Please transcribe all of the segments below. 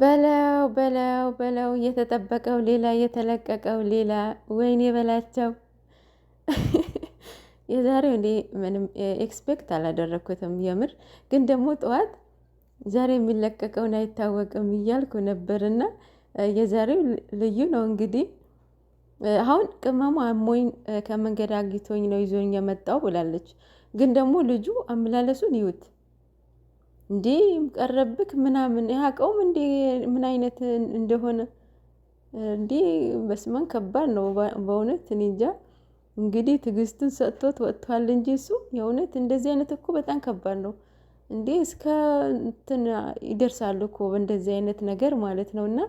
በለው በለው በለው የተጠበቀው ሌላ የተለቀቀው ሌላ። ወይኔ በላቸው የዛሬው እኔ ምንም ኤክስፔክት አላደረግኩትም። የምር ግን ደግሞ ጠዋት ዛሬ የሚለቀቀውን አይታወቅም እያልኩ ነበርና የዛሬው ልዩ ነው እንግዲህ አሁን ቅመሙ አሞኝ ከመንገድ አግኝቶኝ ነው ይዞኝ የመጣው ብላለች። ግን ደግሞ ልጁ አመላለሱን ይዩት። እንዴ ቀረብክ ምናምን ያቀውም እንዴ ምን አይነት እንደሆነ እንዴ በስመን ከባድ ነው በእውነት እኔ እንጃ። እንግዲህ ትግስትን ሰጥቶት ወጥቷል እንጂ እሱ የእውነት እንደዚህ አይነት እኮ በጣም ከባድ ነው እንዴ እስከ እንትን ይደርሳሉ እኮ እንደዚህ አይነት ነገር ማለት ነው። እና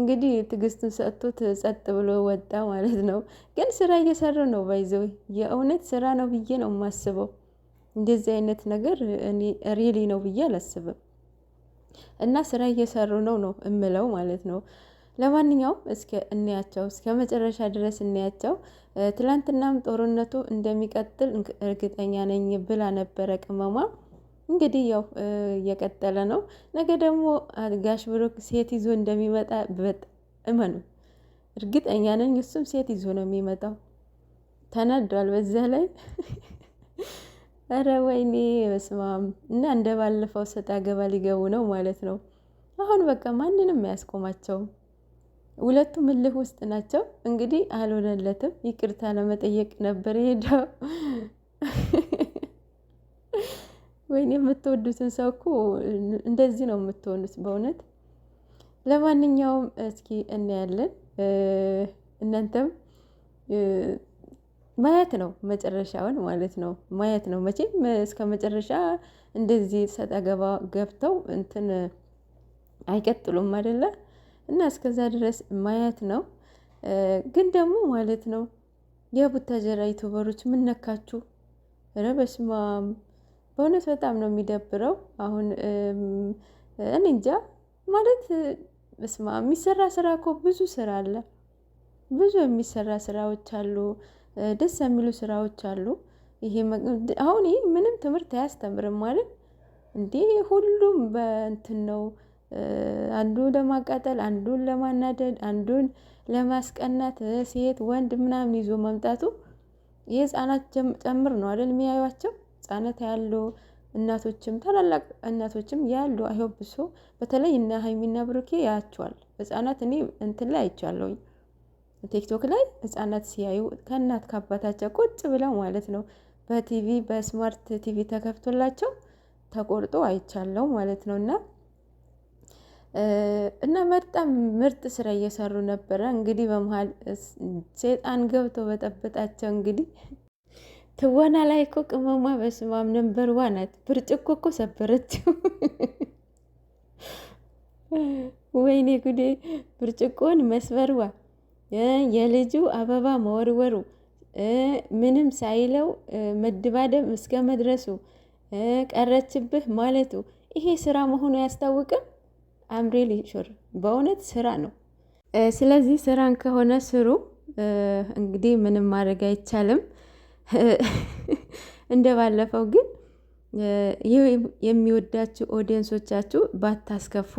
እንግዲህ ትዕግስቱን ሰጥቶት ጸጥ ብሎ ወጣ ማለት ነው። ግን ስራ እየሰራ ነው ባይዘው የእውነት ስራ ነው ብዬ ነው የማስበው። እንደዚህ አይነት ነገር እኔ ሪሊ ነው ብዬ አላስብም። እና ስራ እየሰሩ ነው ነው እምለው ማለት ነው። ለማንኛውም እስከ እንያቸው እስከ መጨረሻ ድረስ እንያቸው። ትላንትናም ጦርነቱ እንደሚቀጥል እርግጠኛ ነኝ ብላ ነበረ ቅመሟ። እንግዲህ ያው እየቀጠለ ነው። ነገ ደግሞ ጋሽ ብሩክ ሴት ይዞ እንደሚመጣ በጥ እመኑ፣ እርግጠኛ ነኝ። እሱም ሴት ይዞ ነው የሚመጣው። ተነዷል በዚያ ላይ እረ ወይኔ በስማም እና እንደ ባለፈው ሰጣ ገባ ሊገቡ ነው ማለት ነው። አሁን በቃ ማንንም አያስቆማቸውም። ሁለቱም እልህ ውስጥ ናቸው። እንግዲህ አልሆነለትም። ይቅርታ ለመጠየቅ ነበር ሄደው። ወይኔ የምትወዱትን ሰው እኮ እንደዚህ ነው የምትሆኑት በእውነት። ለማንኛውም እስኪ እናያለን እናንተም ማየት ነው መጨረሻውን ማለት ነው ማየት ነው። መቼም እስከ መጨረሻ እንደዚህ ሰጠ ገባ ገብተው እንትን አይቀጥሉም አይደለ? እና እስከዛ ድረስ ማየት ነው። ግን ደግሞ ማለት ነው የቡታጀራ ዩቱበሮች ምን ነካችሁ? ኧረ በስመ አብ በእውነት በጣም ነው የሚደብረው። አሁን እኔ እንጃ ማለት በስመ አብ የሚሰራ ስራ እኮ ብዙ ስራ አለ፣ ብዙ የሚሰራ ስራዎች አሉ። ደስ የሚሉ ስራዎች አሉ። ይሄ አሁን ይህ ምንም ትምህርት አያስተምርም ማለት እንዴ ሁሉም በእንትን ነው። አንዱን ለማቃጠል አንዱን ለማናደድ አንዱን ለማስቀናት ሴት ወንድ ምናምን ይዞ መምጣቱ የህፃናት ጨምር ነው አይደል የሚያዩቸው ህፃናት ያሉ እናቶችም ታላላቅ እናቶችም ያሉ አይሆብሶ በተለይ እና ሀይሚና ብሩኬ ያያቸዋል ህፃናት እኔ እንትን ላይ አይቻለሁኝ ቲክቶክ ላይ ህጻናት ሲያዩ ከእናት ከአባታቸው ቁጭ ብለው ማለት ነው በቲቪ በስማርት ቲቪ ተከፍቶላቸው ተቆርጦ አይቻለው ማለት ነው። እና እና በጣም ምርጥ ስራ እየሰሩ ነበረ። እንግዲህ በመሀል ሴጣን ገብቶ በጠበጣቸው። እንግዲህ ትወና ላይ እኮ ቅመማ በስማም ነንበር ዋናት ብርጭቆ እኮ ሰበረችው። ወይኔ ጉዴ ብርጭቆን መስበርዋ የልጁ አበባ መወርወሩ ምንም ሳይለው መደባደብ እስከ መድረሱ ቀረችብህ ማለቱ ይሄ ስራ መሆኑ አያስታውቅም? አምሬል ሹር በእውነት ስራ ነው። ስለዚህ ስራን ከሆነ ስሩ። እንግዲህ ምንም ማድረግ አይቻልም። እንደ ባለፈው ግን የሚወዳችሁ ኦዲየንሶቻችሁ ባታስከፉ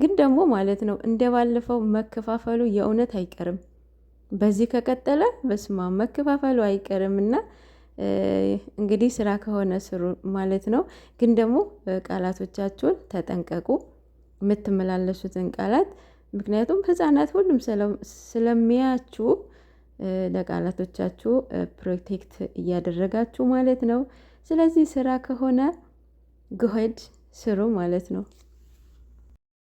ግን ደግሞ ማለት ነው እንደ ባለፈው መከፋፈሉ የእውነት አይቀርም። በዚህ ከቀጠለ በስማ መከፋፈሉ አይቀርም እና እንግዲህ ስራ ከሆነ ስሩ ማለት ነው። ግን ደግሞ ቃላቶቻችሁን ተጠንቀቁ የምትመላለሱትን ቃላት ምክንያቱም ህጻናት ሁሉም ስለሚያችሁ ለቃላቶቻችሁ ፕሮቴክት እያደረጋችሁ ማለት ነው። ስለዚህ ስራ ከሆነ ግሄድ ስሩ ማለት ነው።